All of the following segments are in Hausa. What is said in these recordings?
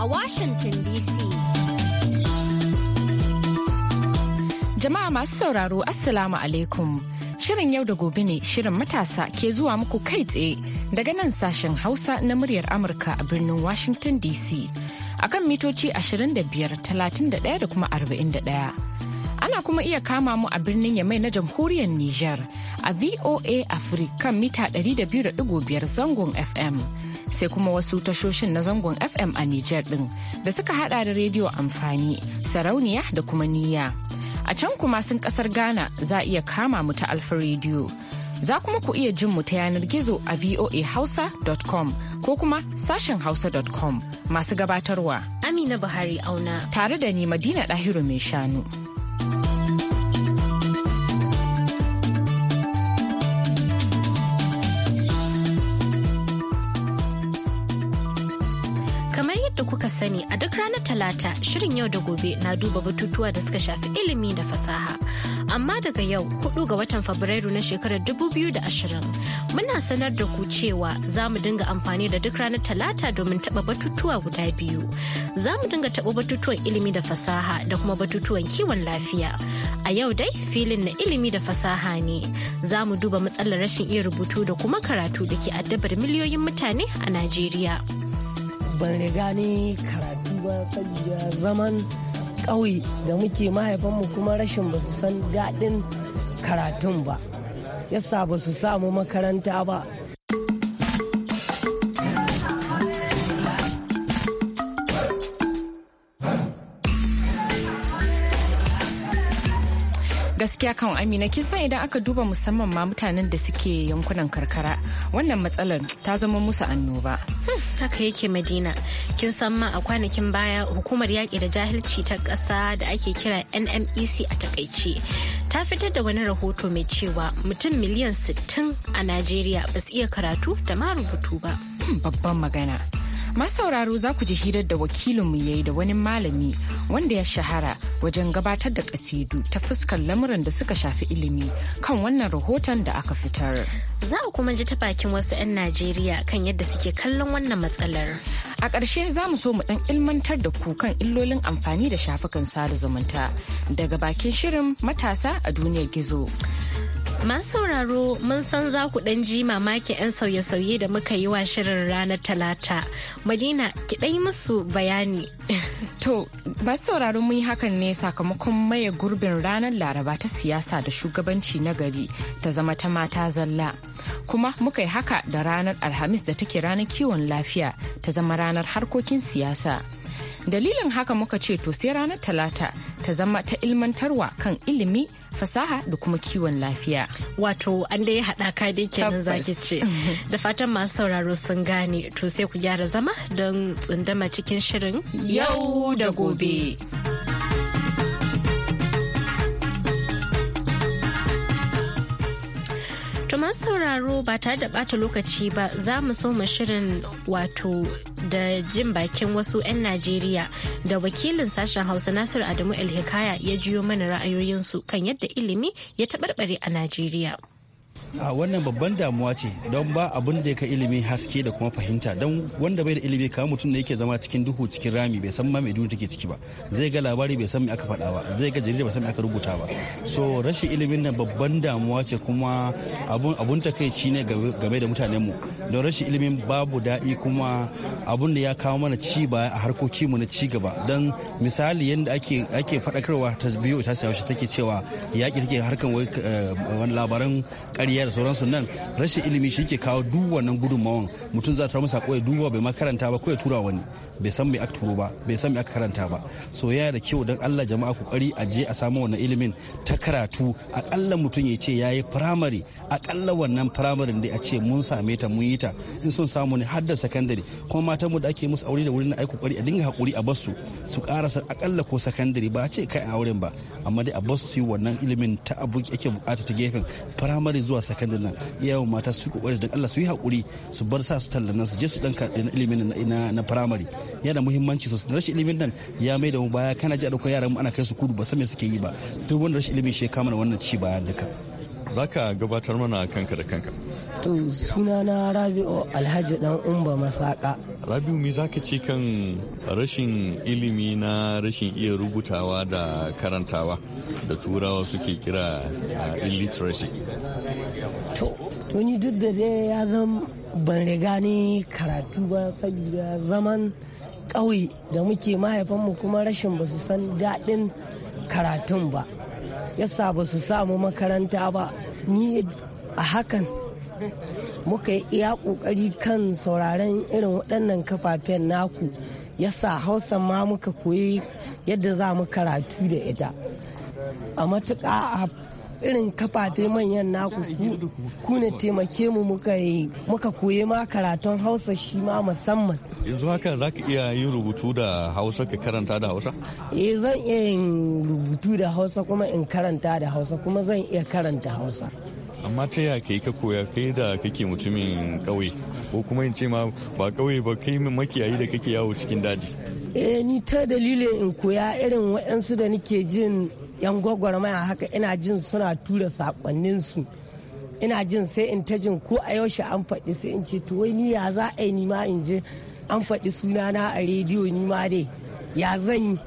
a Washington DC. Jama'a masu sauraro Assalamu alaikum. Shirin yau da gobe ne shirin matasa ke zuwa muku kai tsaye daga nan sashen Hausa na muryar Amurka a birnin Washington DC. Akan mitoci 25, da kuma 41. ana kuma iya kama mu a birnin yamai na jamhuriyar Nijar a VOA kan mita 200.5 zangon FM sai kuma wasu tashoshin na zangon FM a Nijar ɗin da suka hada da rediyo amfani, sarauniya da kuma niyya. A can kuma sun kasar Ghana za a iya kama mu ta Alfa rediyo Za kuma ku iya jin mu ta yanar gizo a voahausa.com ko kuma sashen hausa.com masu gabatarwa. Amina Buhari auna. Tare da ni Madina Dahiru mai shanu. sani a duk ranar talata shirin yau da gobe na duba batutuwa da suka shafi ilimi da fasaha. Amma daga yau hudu ga watan Fabrairu na shekarar dubu biyu da ashirin muna sanar da ku cewa za mu dinga amfani da duk ranar talata domin taba batutuwa guda biyu. Za mu dinga taba batutuwan ilimi da fasaha da kuma batutuwan kiwon lafiya. A yau dai filin na ilimi da fasaha ne. Za mu duba matsalar rashin iya rubutu da kuma karatu da ke addabar miliyoyin mutane a Najeriya. ban riga ni karatu ba saboda zaman ƙauye da muke mahaifanmu kuma rashin ba su san daɗin karatun ba yasa ba su samu makaranta ba gaskiya kan amina kin san idan aka duba musamman ma mutanen da suke yankunan karkara wannan matsalar ta zama musu annoba hmm, haka yake madina kin san ma a kwanakin baya hukumar yaƙi da jahilci ta ƙasa da ake kira nmec a takaice ta fitar da wani rahoto mai cewa mutum miliyan 60 a najeriya ba su iya karatu da ma rubutu ba hmm, babban magana masauraro za ku ji hirar da wakilinmu ya yi da wani malami wanda ya shahara wajen gabatar da kasidu ta fuskar lamuran da suka shafi ilimi kan wannan rahoton da aka fitar. Za a kuma ji ta bakin wasu 'yan Najeriya kan yadda suke kallon wannan matsalar. A ƙarshe za mu so mu ɗan ilmantar da ku kan illolin amfani da shafukan sada zumunta daga bakin shirin matasa a duniyar gizo. Masu sauraro mun san za ku ɗan ji mamaki 'yan sauye-sauye da muka yi wa shirin ranar talata. Madina, ki ɗai musu bayani. to, masu sauraro mun yi hakan ne sakamakon maye gurbin ranar laraba ta siyasa da shugabanci na gari ta zama ta mata zalla. Kuma muka yi haka da ranar Alhamis da take ranar kiwon lafiya ta zama ranar harkokin siyasa. Dalilin haka muka ce to sai ranar talata ta zama ta ilmantarwa kan ilimi fasaha da kuma kiwon lafiya. Wato an dai haɗaka dai kenan zaki ce. da fatan masu sauraro sun gane to sai ku gyara zama don tsundama cikin shirin yau da gobe. To masu sauraro ba tare da bata lokaci ba za mu so mu shirin wato da jin bakin wasu 'yan Najeriya da wakilin sashen Hausa Nasiru Adamu elhikaya ya jiyo mana ra'ayoyinsu kan yadda ilimi ya taɓarɓare a Najeriya. a wannan babban damuwa ce don ba abin da ka ilimi haske da kuma fahimta don wanda bai da ilimi kama mutum da yake zama cikin duhu cikin rami bai san ma mai duniya take ciki ba zai ga labari bai san me aka faɗa ba zai ga jarida bai san me aka rubuta ba so rashin ilimin nan babban damuwa ce kuma abun abun takeici ne game da mutanen mu don rashin ilimin babu daɗi kuma abun da ya kawo mana ci baya a harkoki mu na ci gaba don misali yadda ake ake faɗakarwa ta biyu ta sayawa take cewa yaƙi take harkan eh, labaran ƙarya tarbiyya da sauransu nan rashin ilimi shi ke kawo duk wannan gudunmawan mutum za ta masa ko ya duba bai makaranta ba ko ya tura wani bai san me aka turo ba bai san me aka karanta ba so ya da kyau don Allah jama'a kari a je a samu wannan ilimin ta karatu akalla mutum ya ce ya yi firamare akalla wannan firamare da a ce mun same ta mun yi ta in sun samu ne har da sakandare kuma matanmu da ake musu aure da wurin ai kokari a dinga hakuri a basu su karasa akalla ko sakandare ba a ce kai auren ba amma dai a basu su yi wannan ilimin ta abu ake bukata ta gefen firamare zuwa sakandare nan iyayen mata su kokari don Allah su yi hakuri su bar sa su tallana su je su dan ilimin na firamare. yana muhimmanci sosai rashin ilimin nan ya mai da mu baya kana ji a ɗaukar yaran mu ana kai su kudu ba san me suke yi ba duk wanda rashin ilimin shi ya kama wannan ci bayan duka za ka gabatar mana kanka da kanka to suna na rabi'u alhaji dan umba masaka rabi'u me za ka ce kan rashin ilimi na rashin iya rubutawa da karantawa da turawa suke kira uh, illiteracy to to duk da dai ya zama ban riga ni karatu ba saboda zaman ƙauye da muke mahaifanmu kuma rashin ba su san daɗin karatun ba yasa ba su samu makaranta ba ni a hakan muka yi iya ƙoƙari kan sauraren irin waɗannan kafafen naku yasa hausa ma muka koyi yadda za mu karatu da ita a matuƙa a irin kafafe manyan naku ku ne taimake mu muka yi muka koyi ma karatun hausa shi ma musamman yanzu haka za ka iya yin rubutu da hausa ka karanta da hausa eh zan iya yin rubutu da hausa kuma in karanta da hausa kuma zan iya karanta hausa amma ta ya kai ka koya kai da kake mutumin kauye ko kuma in ce ma ba kauye ba kai makiyayi da kake yawo cikin daji eh ni ta dalilin in koya irin waɗansu da nake jin yan gwagwarmaya haka ina jin suna tura sakonninsu ina jin sai in ta jin ko a yaushe an faɗi sai in ce to wai ni ya za a yi ni ma in je an faɗi sunana a rediyo ni ma dai ya zan yi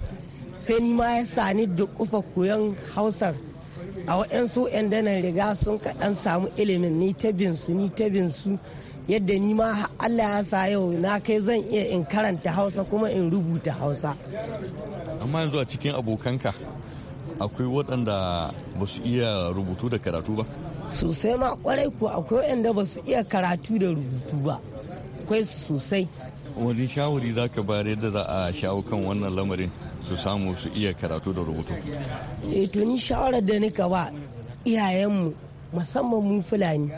sai ni ma ya sani da kufa koyon hausar a waɗansu 'yan danan riga sun kaɗan samu ilimin ni ta su ni ta su yadda ni ma Allah ya sa yau na kai zan iya in karanta hausa kuma in rubuta hausa amma yanzu a cikin abokanka akwai waɗanda ba su iya rubutu da karatu ba sosai ma kwarai ko akwai waɗanda ba su iya karatu da rubutu ba akwai su sosai wani shawari za ka bayar yadda za a shawo kan wannan lamarin su samu su iya karatu da rubutu eh to ni shawarar da nika ba iyayenmu musamman mu fulani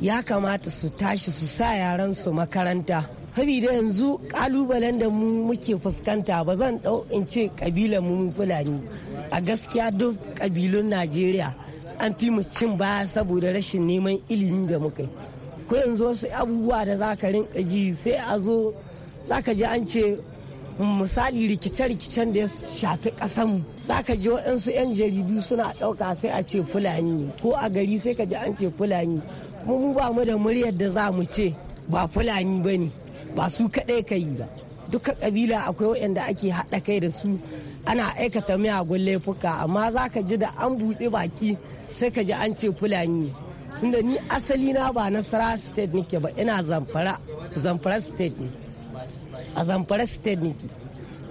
ya kamata su tashi su sa yaran su makaranta da yanzu kalubalen da mu muke fuskanta ba zan dau in ce kabilan mu Fulani. A gaskiya duk kabilun Najeriya an fi mu cin baya saboda rashin neman ilimi da muka yi. Ko yanzu wasu abubuwa da za ka rinka ji sai a zo za ka ji an ce misali rikice-rikicen da ya shafi ƙasanmu za ka ji waɗansu 'yan jaridu suna ɗauka sai a ce fulani ko a gari sai ka ji an ce fulani mu ba mu da muryar da za mu ce ba fulani ba ne ba su kaɗai ka yi ba duka kabila akwai waɗanda ake haɗa kai da su ana aikata miyagun laifuka amma za ka ji da an buɗe baki sai ka ji an ce fulani tunda ni asali na ba nasara state nake ba ina zamfara zamfara state ne a zamfara state nake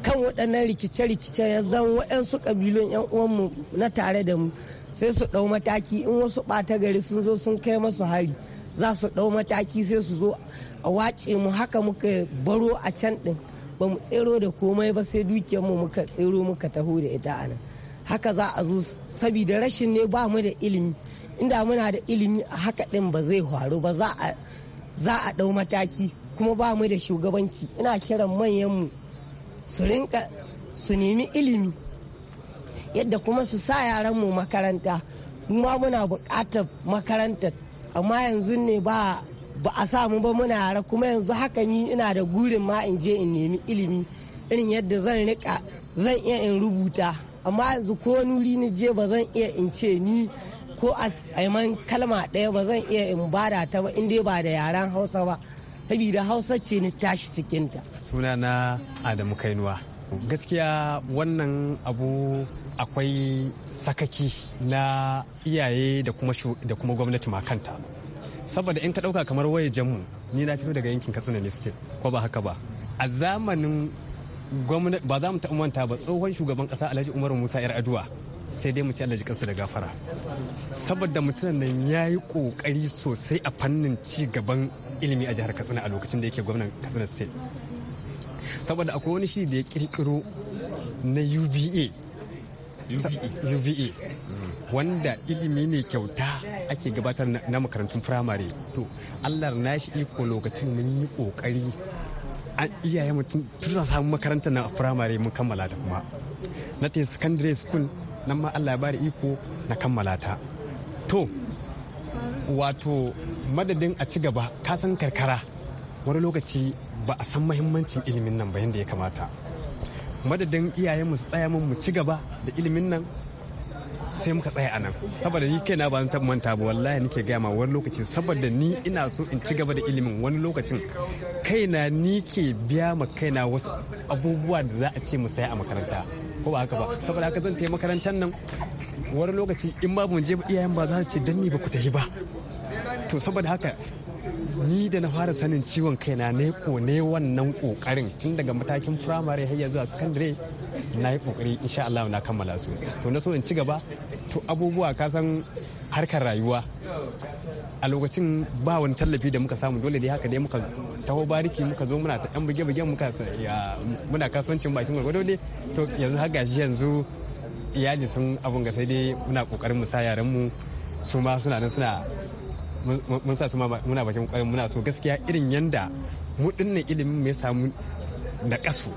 kan waɗannan rikice-rikice ya zan waɗansu ƙabilun 'yan uwanmu na tare da mu sai su ɗau mataki in wasu ɓata gari sun zo sun kai masu hari za su ɗau mataki sai su zo a wace mu haka muka baro a can din ba mu tsero da komai ba sai dukiyar mu muka tsero muka taho da ita a nan haka za a zo saboda rashin ne ba mu da ilimi inda muna da ilimi a haka din ba zai faru ba za a za ɗau mataki kuma ba mu da shugabanci ina kiran manyanmu su rinka su nemi ilimi yadda kuma su sa yaran mu makaranta mu ma muna buƙatar makarantar amma yanzu ne ba ba a samu ba muna yara kuma yanzu haka ni ina da gurin ma in je in nemi ilimi irin yadda zan rika zan iya in rubuta amma yanzu ko nuri ni je ba zan iya in ce ni ko a kalma ɗaya ba zan iya in bada ta ba in dai ba da yaren hausa ba saboda hausa ce ni tashi cikinta suna na adamu kainuwa gaskiya wannan abu akwai sakaki na iyaye da kuma gwamnati ma kanta saboda in ka ɗauka kamar waye jamu ni na fito daga yankin katsina ne state ko ba haka ba a zamanin gwamnati ba za mu ta manta ba tsohon shugaban kasa alhaji umaru musa yar aduwa sai dai mu ci alhaji kansa da gafara saboda mutunan nan ya yi kokari sosai a fannin ci gaban ilimi a jihar katsina a lokacin da yake gwamnan katsina state saboda akwai wani shi da ya kirkiro na uba UVE e. wanda ilimi ne kyauta ake gabatar na makarantun firamare to Allah na shi iko lokacin mun yi kokari an iyaye mutum samun makarantar na firamare mun kammala ta kuma na ta secondary school nan ma Allah ya bari iko na kammala ta to wato madadin a ci gaba kasan karkara wani lokaci ba a san mahimmancin ilimin nan ba yadda ya kamata madadin iyayenmu su tsaya mu ci gaba da ilimin nan sai muka tsaya a nan saboda ni kaina ba ta manta ba wallahi nake gaya ma wani lokaci saboda ni ina so in ci gaba da ilimin wani lokacin kaina ni ke biya ma kaina wasu abubuwa da za a ce mu saya a makaranta ko ba haka ba saboda haka zan taimaka makarantar nan wani lokaci in ba mun je iyayen ba za su ce dan ni ba ku tafi ba to saboda haka ni da na fara sanin ciwon kai na kone wannan kokarin tun daga matakin firamare har zuwa sakandare na yi kokari insha Allah na kammala su to na so in ci gaba to abubuwa ka san harkar rayuwa a lokacin ba wani tallafi da muka samu dole dai haka dai muka taho bariki muka zo muna ta yan buge-buge muka muna kasuwancin bakin gwargwado ne to yanzu haka shi yanzu iyali sun abun ga sai dai muna kokarin mu sa yaran mu su ma suna nan suna mun sa su muna bakin kwarin muna so gaskiya irin yanda mu dinnan ilimin mai samu na kasu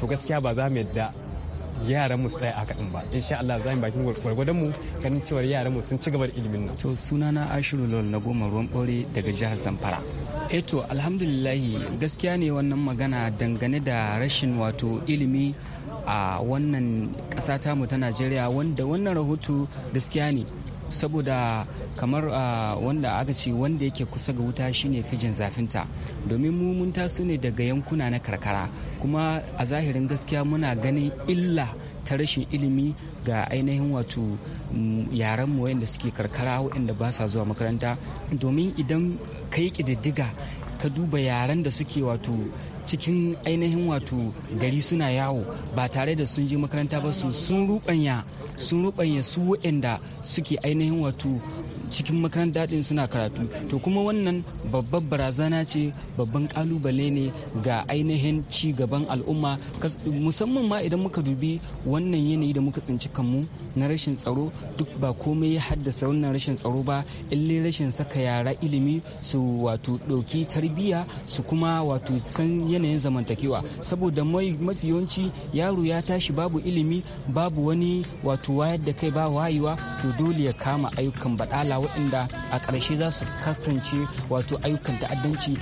to gaskiya ba za mu yadda yaran mu su tsaya haka ba insha Allah za mu bakin gwargwadon mu ganin cewa yaran mu sun ci gaba da ilimin nan to sunana Ashiru Lol na goma ruwan bore daga jihar Zamfara eh to alhamdulillah gaskiya ne wannan magana dangane da rashin wato ilimi a wannan ƙasa tamu ta Najeriya wanda wannan rahoto gaskiya ne saboda kamar ah, wanda aka ce wanda yake kusa ga wuta shine fijin zafinta domin mu mun taso ne daga yankuna na karkara kuma a zahirin gaskiya muna ganin illa ta rashin ilimi ga ainihin wato mm, yaran mu wayanda suke karkara wayanda ba sa zuwa makaranta domin idan kai kididdiga ka duba yaren da suke wato cikin ainihin wato gari suna yawo ba tare da sun je makaranta ba su sun rubanya sun rubanya su waɗanda suke ainihin wato cikin makaranta din suna karatu to kuma wannan babbar barazana ce babban kalubale ne ga ainihin ci gaban al'umma musamman ma idan muka dubi wannan yanayi da muka tsinci kanmu na rashin tsaro duk ba komai ya haddasa wannan rashin tsaro ba ille rashin saka yara ilimi su wato ɗauki tarbiyya su kuma wato san yanayin zamantakewa saboda mafi yawanci yaro ya tashi babu ilimi babu wani wato wayar da kai ba wayewa to dole ya kama ayyukan baɗala waɗanda a ƙarshe za su kasance wato ayyukan ta'addanci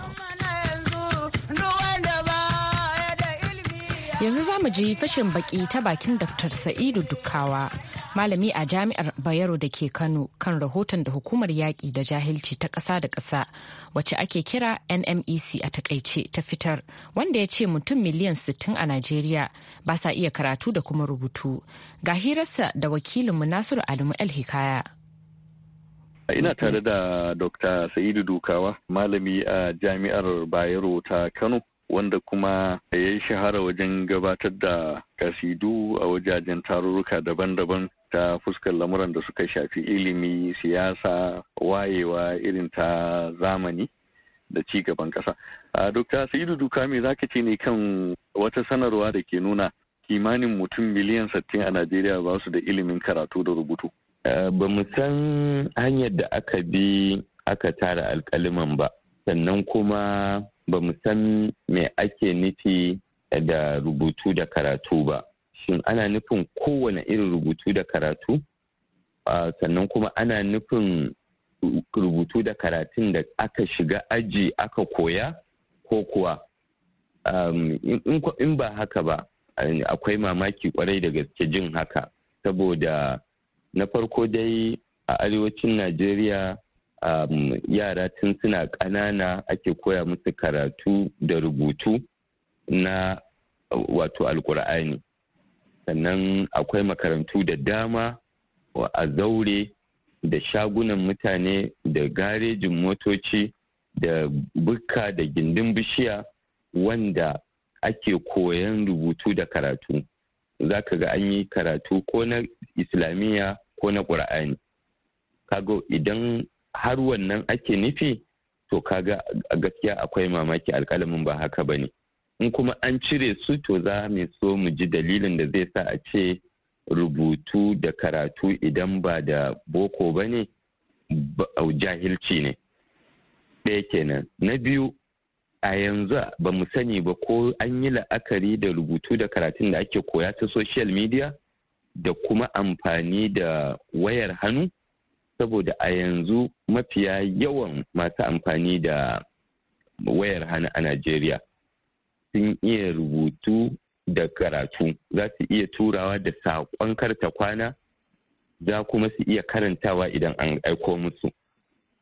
yanzu za mu ji fashin baki ta bakin dr sa'idu dukkawa malami a jami'ar bayero da ke kano kan rahoton da hukumar yaƙi da jahilci ta ƙasa da ƙasa wacce ake kira nmec a takaice ta fitar wanda ya ce mutum miliyan 60 a najeriya ba sa iya karatu da kuma rubutu ga hirarsa da wakilinmu nasiru alimu el hikaya Ina mm-hmm. tare da Dr. Sa'idu Dukawa, malami a Jami'ar Bayero ta Kano, wanda kuma ya yi shahara wajen gabatar da kasidu a wajajen tarurruka daban-daban ta fuskar lamuran da suka shafi ilimi, siyasa, wayewa irin ta zamani da ci gaban ƙasa. Dokta Sa'idu Duka me zaka ce ne kan wata sanarwa da ke nuna kimanin mutum miliyan 60 a Najeriya ba su da ilimin karatu da rubutu. Eh, ba mu san hanyar da aka bi aka tara alkaliman ba sannan kuma ba mu san me ake nufi da rubutu da karatu ba shin ana nufin kowane irin rubutu da karatu ah, sannan kuma ana nufin rubutu da karatun da aka shiga aji aka koya ko kuwa in ba haka ba akwai mamaki kwarai da gaske jin haka saboda na farko dai a arewacin najeriya um, yara tun suna ƙanana ake koya musu karatu da rubutu na wato alkur'ani sannan akwai makarantu da dama a zaure da shagunan mutane da garejin motoci da bukka da gindin bishiya wanda ake koyan rubutu da karatu za ka ga an yi karatu ko na islamiyya ko na ƙur'ani kaga idan har wannan ake nufi to kaga gaskiya akwai mamaki alƙalamin ba haka ba ne in kuma an cire su to za mu so mu ji dalilin da zai sa a ce rubutu da karatu idan ba da boko ba ne jahilci ne ɗaya kenan na biyu a yanzu ba mu sani ba ko an yi la'akari da rubutu da karatun da ake koya ta social media da kuma amfani da wayar hannu saboda a yanzu mafiya yawan masu amfani da wayar hannu a Najeriya sun iya rubutu da karatu za su iya turawa da saƙon karta kwana za kuma su iya karantawa idan an aiko musu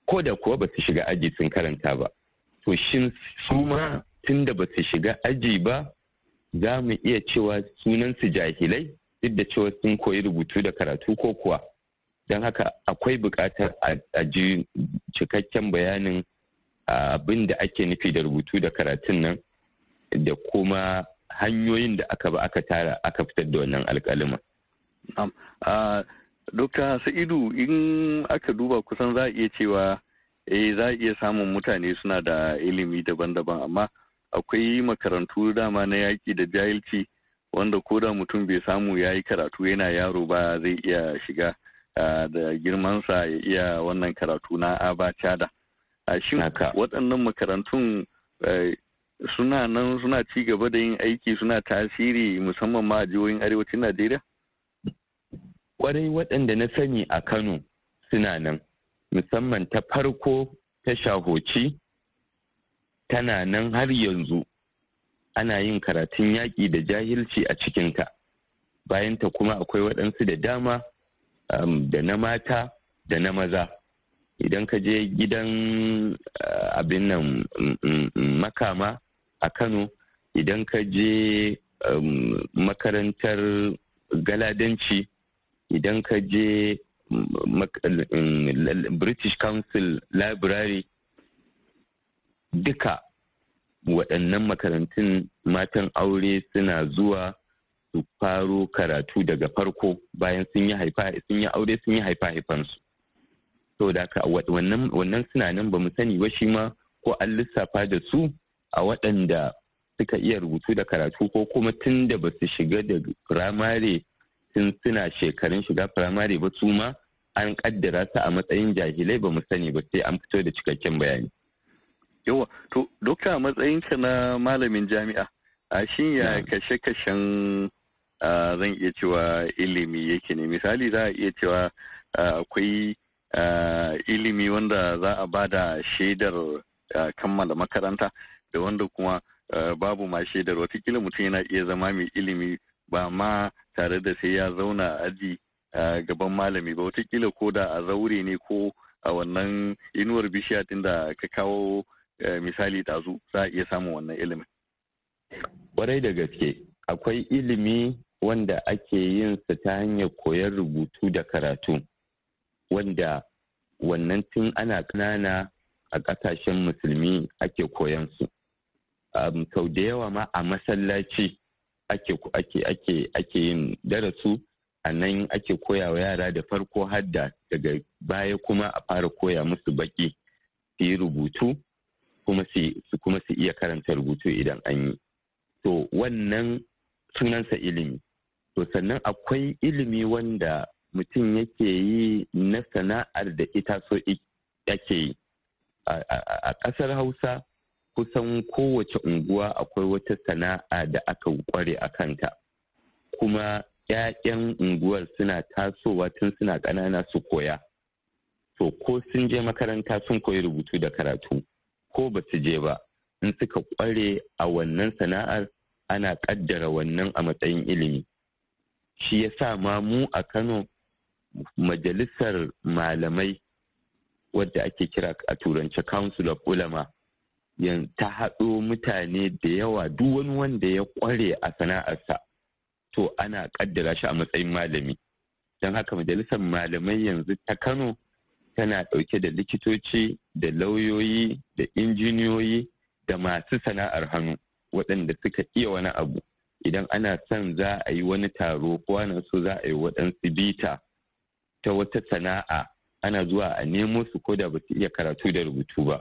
ko da kuwa ba su shiga aji sun karanta ba to shin su ma tun da ba su shiga aji ba za mu iya cewa sunan su jahilai duk da cewa sun koyi rubutu da karatu ko kuwa don haka akwai buƙatar a ji cikakken bayanin abin da ake nufi da rubutu da karatun nan da kuma hanyoyin da aka ba aka tara aka fitar da wannan alƙalima. Dokta Sa'idu in aka duba kusan za a iya cewa eh za a iya samun mutane suna da ilimi daban-daban amma akwai makarantu dama na yaƙi da jahilci wanda ko da mutum bai samu ya yi karatu yana yaro ba zai iya shiga da girmansa ya iya wannan karatu na abacada a shin waɗannan makarantun suna nan suna ci gaba da yin aiki suna tasiri musamman ma a jihohin arewacin najeriya kwarai waɗanda na sani a kano suna nan musamman ta farko ta shahoci tana nan har yanzu ana yin karatun yaƙi da jahilci a cikinta bayanta kuma akwai waɗansu da dama um, da na mata da na maza idan ka je gidan uh, abin nan makama a kano idan ka je um, makarantar galadanci idan ka je british council library duka waɗannan makarantun matan aure suna zuwa su faro karatu daga farko bayan sun yi haifa sun yi aure sun yi haifa haifansu to da ka wannan suna nan ba sani ba shi ma ko an lissafa da su a waɗanda suka iya rubutu da karatu ko kuma tun da ba su shiga da firamare tun suna shekarun shiga firamare ba su ma an kaddara su a matsayin jahilai ba mu sani ba sai an fito da cikakken bayani yawa to dokta matsayinka na malamin jami'a a shi ya kashe-kashen zan iya cewa ilimi yake ne misali za a iya cewa akwai ilimi wanda za a ba da shaidar kammala makaranta da wanda kuma babu ma shaidar watakila mutum yana iya zama mai ilimi ba ma tare da sai ya zauna aji gaban malami ba watakila ko da a zaure ne ko a wannan inuwar bishiya tun da ka kawo Eh, misali ɗazu za a iya samun wannan ilimin. Kwarai da gaske, akwai ilimi wanda ake yin sa ta hanyar koyar rubutu da karatu, wanda wannan tun ana ƙanana a ƙasashen musulmi ake koyan su. Sau da yawa ma a masallaci ake yin darasu a nan ake koya wa yara da farko hadda daga baya kuma a fara koya musu baki su yi rubutu kuma su kuma su iya karanta rubutu idan an yi to wannan sunansa ilimi to sannan akwai ilimi wanda mutum yake yi na sana'ar da ita so yake yi a ƙasar hausa kusan kowace unguwa akwai wata sana'a da aka kware a kanta kuma 'ya'yan unguwar suna tasowa tun suna ƙanana su koya to ko sun je makaranta sun koyi rubutu da karatu ko ba su je ba in suka kware a wannan sana'ar ana kaddara wannan a matsayin ilimi shi ya sa ma mu a kano majalisar malamai wadda ake kira a turanci council of ulama ta haɗo mutane da yawa duk wani wanda ya kware a sana'arsa to ana kaddara shi a matsayin malami don haka majalisar malamai yanzu ta kano tana ɗauke da likitoci da lauyoyi da injiniyoyi da masu sana'ar hannu waɗanda suka iya wani abu idan ana son za a yi wani taro ko ana so za a yi waɗansu bita ta wata sana'a ana zuwa a nemo su ko da ba iya karatu da rubutu ba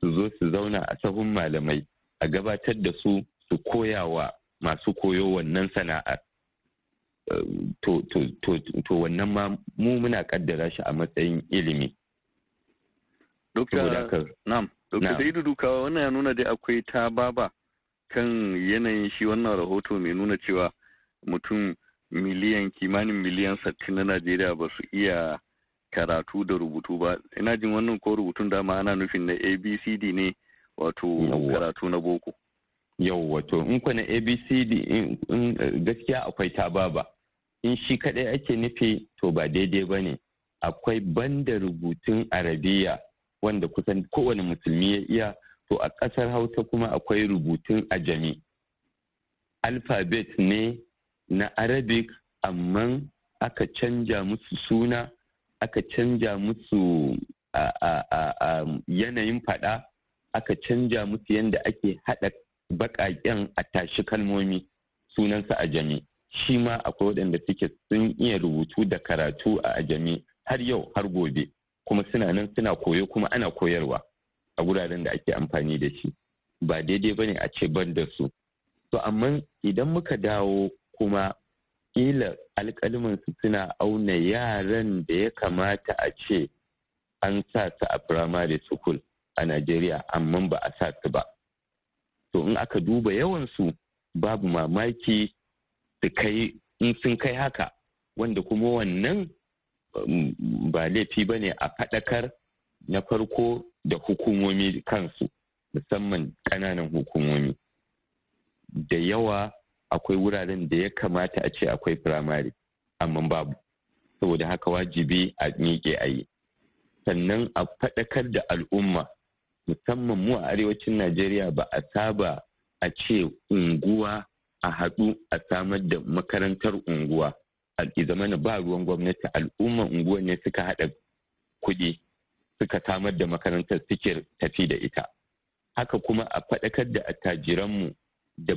su zo su zauna a sahun malamai a gabatar da su su koya wa masu koyo wannan sana'ar to wannan ma mu muna kaddara shi a matsayin ilimi Dokta da dukawa wannan ya nuna dai akwai ta baba kan yanayin shi wannan rahoto mai nuna cewa mutum miliyan kimanin miliyan sattin na Najeriya ba su iya karatu da rubutu ba. Ina jin wannan ko rubutun dama ana nufin na ABCD ne wato karatu na boko. Yau wato in kwa na ABCD eh, gaskiya akwai ta baba. in shi kaɗai ake nufi to ba daidai ba ne akwai banda rubutun arabiya wanda kusan kowane musulmi ya iya to a ƙasar hausa kuma akwai rubutun ajami alfabet ne na arabic amma aka canja musu suna aka canja musu a, yanayin fada aka canja musu yadda ake haɗa baƙaƙen a tashi kalmomi sunansa ajami shi ma akwai waɗanda suke sun iya rubutu da karatu a ajami har yau har gobe kuma suna nan suna koyo kuma ana koyarwa a wuraren da ake amfani da shi ba daidai ba ne a ce ban da su to amma idan muka dawo kuma ƙila su suna auna yaran da ya kamata a ce an sa su a primary school a Najeriya amma ba a sa su ba. To in aka duba yawan su babu mamaki su kai in sun kai haka wanda kuma wannan um, ba laifi ba ne a faɗakar na farko da hukumomi kansu musamman ƙananan hukumomi da yawa akwai wuraren da ya kamata a ce akwai firamare amma babu saboda haka wajibi a miƙe a yi sannan a faɗakar da al'umma musamman mu a arewacin najeriya ba a saba a ce unguwa a haɗu a samar da makarantar unguwa a zamanin ba ruwan gwamnati al'umman unguwa ne suka haɗa kuɗi suka samar da makarantar suke tafi da ita haka kuma a faɗakar da attajiranmu da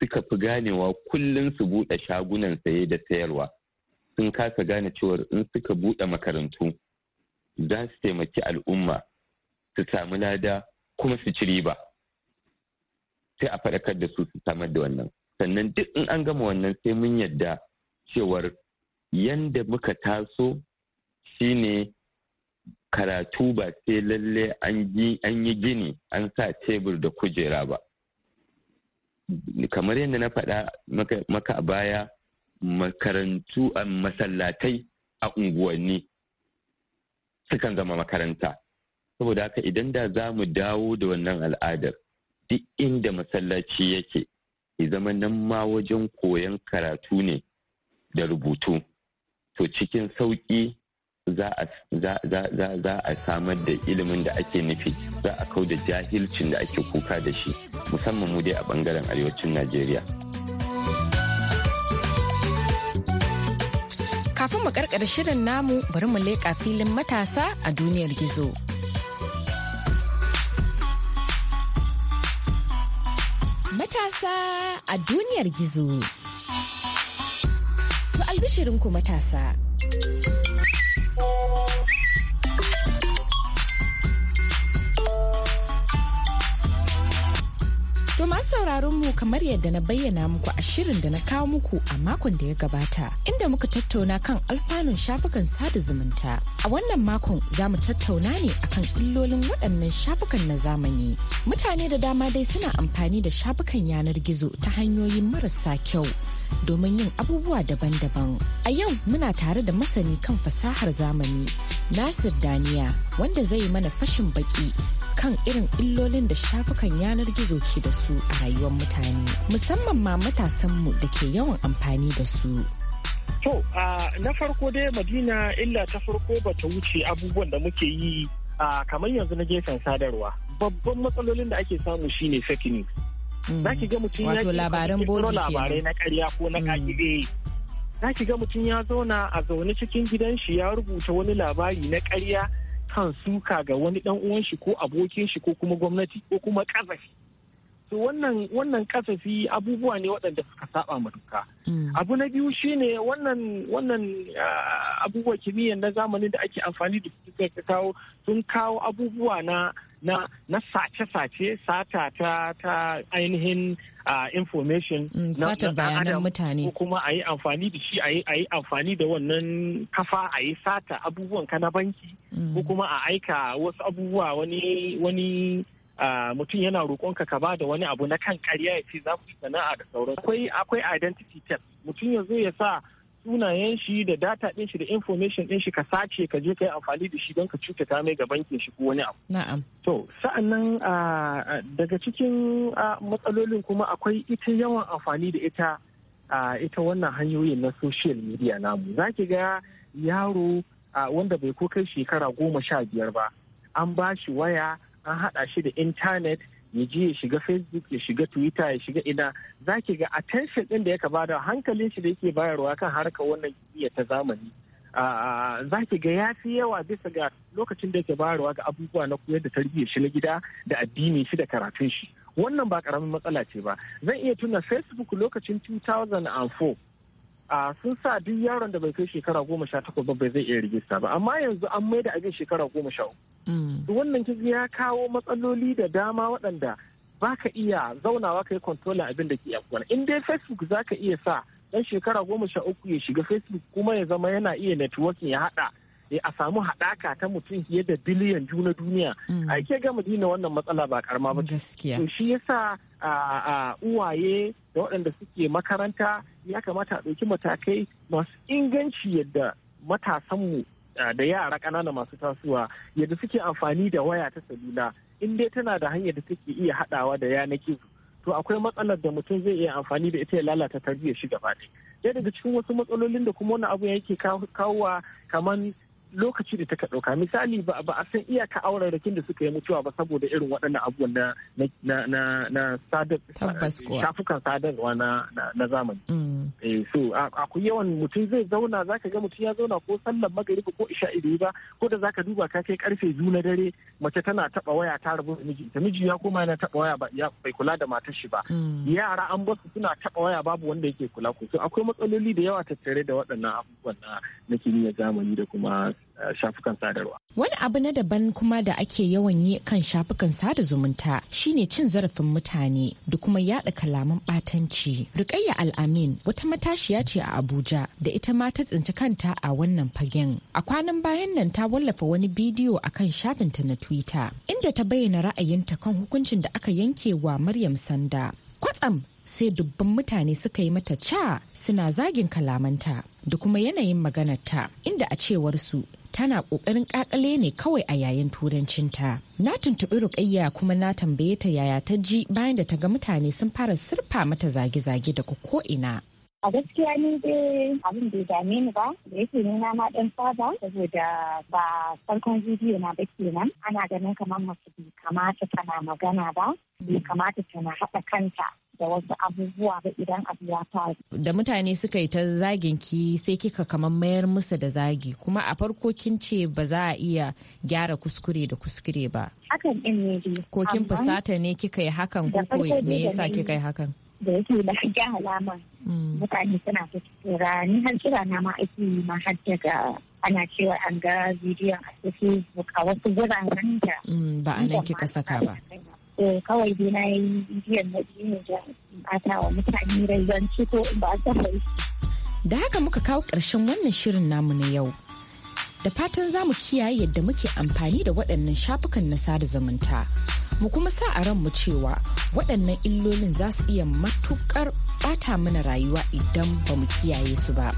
suka fi ganewa kullum su buɗe shagunan saye da sayarwa sun kasa gane cewa in suka buɗe makarantu za su taimaki al'umma su samu lada kuma su ci riba sai a faɗakar da su su samar da wannan sannan duk in an gama wannan sai mun yadda cewar yanda muka taso shine karatu ba sai lalle an yi gini an sa tebur da kujera ba kamar yadda na faɗa maka a baya makarantu a masallatai a unguwanni sukan zama makaranta saboda haka idan da za mu dawo da wannan al'adar duk inda masallaci yake ya zama nan ma wajen koyon karatu ne da rubutu to cikin sauƙi za a samar da ilimin da ake nufi za a kau da jahilcin da ake kuka da shi musamman mu dai a bangaren arewacin najeriya kafin mu karkar shirin namu bari mu leƙa filin matasa a duniyar gizo. Matasa a duniyar gizo. Ku albishirinku matasa. To masu sauraron mu kamar yadda na bayyana muku a shirin da na kawo muku a makon da ya gabata inda muka tattauna kan alfanun shafukan sada zumunta. A wannan makon za mu tattauna ne akan illolin waɗannan shafukan na zamani. Mutane da dama dai suna amfani da shafukan yanar gizo ta hanyoyin marasa kyau. domin yin abubuwa daban-daban. A yau muna tare da masani kan fasahar zamani, Nasir Daniya, wanda zai mana fashin baki kan irin illolin da shafukan yanar gizo ke da su a rayuwar mutane musamman ma matasanmu da ke yawan amfani da su. To, na farko dai Madina illa ta farko ba ta wuce abubuwan da muke yi kamar yanzu na gefen sadarwa. Babban matsalolin da ake samu shine fake mm. Za ki ga mutum ya ke labarai na karya ko na kakire. Mm. Za ki ga mutum ya zauna a zaune cikin gidan shi ya rubuta wani labari na karya kan suka ga wani dan uwan shi ko abokin shi ko kuma gwamnati ko kuma kazafi to wannan wannan kasafi abubuwa ne waɗanda suka saba ma duka mm. abu na biyu shine wannan wannan abubuwa kimiyyar na zamani da ake amfani da su kawo sun kawo abubuwa na na na sace-sace sata ta ta ainihin information mm, na bayanan mutane ko kuma a amfani da shi a yi amfani da wannan kafa ayi sata abubuwan ka na banki mm. ko kuma a aika wasu abubuwa wani wani mutum yana roƙon ka ba da wani abu na kan ƙarya ya ce za ku sana'a da sauran akwai akwai identity test mutum ya zo ya sa sunayen shi da data ɗin shi da information ɗin shi ka sace ka je ka yi amfani da shi don ka ta mai ga bankin shi ko wani abu. Na'am. To sa'annan daga cikin matsalolin kuma akwai ita yawan amfani da ita ita wannan hanyoyin na social media namu. Za ki ga yaro wanda bai ko kai shekara goma sha biyar ba an ba shi waya an haɗa shi da intanet ya ji ya shiga facebook ya shiga twitter ya shiga ina za ki ga attention ɗin da ya bada hankalin shi da yake bayarwa kan harkar wannan kimiyya ta zamani za ki ga ya fi yawa bisa ga lokacin da yake bayarwa ga abubuwa na koyar da tarbiyyar shi na gida da addini shi da karatun shi wannan ba karamin matsala ce ba zan iya tuna facebook lokacin 2004 a sun sa duk yaron da bai kai shekara goma sha takwas ba bai zai iya rijista ba amma yanzu an mai da abin shekara goma sha uku Mm. wannan kiga ya kawo matsaloli da dama waɗanda ba ka iya zaunawa ka yi kontrolin abin da ke yakuwa in dai facebook za ka iya sa dan shekara goma sha uku ya shiga facebook kuma ya zama yana iya networking ya haɗa a samu haɗaka ta mutum fiye da biliyan juna duniya mm. a ke gama dina wannan matsala ba karama ba gaskiya shi yasa uwaye da waɗanda suke makaranta ya kamata a ɗauki matakai masu inganci yadda matasanmu da yara ƙanana masu tasowa yadda suke amfani da waya ta salula in dai tana da hanyar da take iya haɗawa da yanar gizo to akwai matsalar da mutum zai iya amfani da ita ya lalata tarbiyyar shi gaba ɗaya daga cikin wasu matsalolin da kuma wani abu yake kawowa kaman. lokaci da ka ɗauka misali ba a san iyaka auren da suka yi mutuwa ba saboda irin waɗannan abubuwan na na na eh, shafukan sadarwa na zamani mm. eh, so akwai yawan mutum zai zauna zaka ga mutum ya zauna ko sallar magariba ko isha iri ba ko da zaka duba ka kai karfe biyu na dare mace tana taba waya ta rabu da miji ta miji ya koma yana taba waya ba bai kula da matar shi ba mm. yara an basu suna taba waya babu wanda yake kula ko so akwai matsaloli da yawa tattare da waɗannan abubuwan na kimiyyar zamani da kuma Eh, shafukan sadarwa. Wani abu na daban kuma da ake yawan yi kan shafukan sada zumunta shine cin zarafin mutane da kuma yada kalaman batanci. Rukayya Al'amin wata matashiya ce a Abuja da ita ma ta tsinci kanta a wannan fagen. A kwanan bayan nan ta wallafa wani bidiyo a kan shafinta na Twitter inda ta bayyana ra'ayinta kan hukuncin da aka yanke wa Maryam Sanda. Kwatsam sai dubban mutane suka yi mata ca suna zagin kalamanta da kuma yanayin maganarta inda a cewarsu tana ƙoƙarin ƙaƙale ne kawai a yayin turancinta. Na tuntuɓi Rukayya kuma na tambaye ta yaya ta ji bayan da ta ga mutane sun fara sirfa mata zage-zage daga ko'ina. A gaskiya ni dai abin da dame ni ba da yake nuna ma dan saba saboda ba farkon bidiyo na ba kenan ana ganin kamar masu bai kamata tana magana ba bai kamata tana haɗa kanta da wasu abubuwa ba idan abu ya faru. Da mutane suka yi ta zagin ki sai kika kamar mayar musa da zagi kuma a farko kin ce ba za a iya gyara kuskure da kuskure ba. Hakan ɗin ne Ko kin fusata ne kika yi hakan ko me yasa kika yi hakan? da yake na ga alama mm. mutane suna ta tura ni har kira na ma ake ma har daga ana cewa an ga bidiyon a facebook a wasu guraren da mm, ba a nan kika saka ba kawai dai na yi bidiyon na biyu ne da bata wa mutane rai zan ko ba a saba da haka muka kawo ƙarshen wannan shirin namu na yau da fatan za mu kiyaye yadda muke amfani da waɗannan shafukan na sada zumunta mu kuma sa a ran mu cewa waɗannan illolin za su iya matuƙar ɓata mana rayuwa idan ba mu kiyaye su ba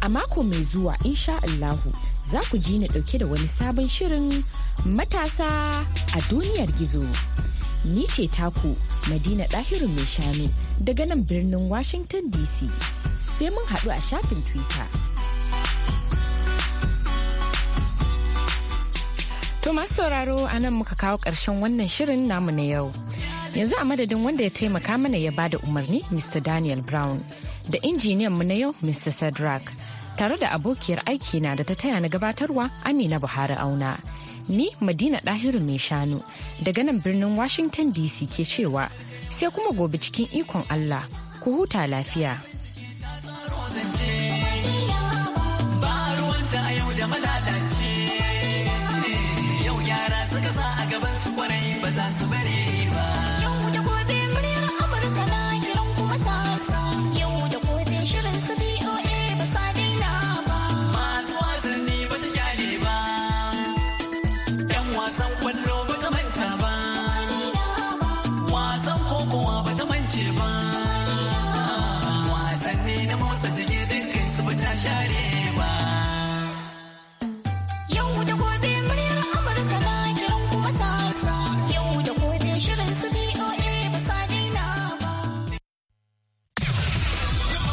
a mako mai zuwa insha Allahu za ku ji ni ɗauke da wani sabon shirin matasa a duniyar gizo ni ce taku madina ɗahiru mai shanu daga nan birnin washington dc sai mun haɗu a shafin twitter To masu sauraro a nan muka kawo ƙarshen wannan shirin namu na yau. Yanzu a madadin wanda ya taimaka mana ya bada umarni Mr. Daniel Brown da injiniyan mu na yau Mr. Sadrak tare da abokiyar aiki na da ta taya na gabatarwa Amina Buhari Auna. Ni Madina Dahiru mai shanu daga nan birnin Washington DC ke cewa sai kuma gobe cikin ikon Allah ku huta lafiya. Ba ruwanta a yau da gaban su kwarai ba za su bari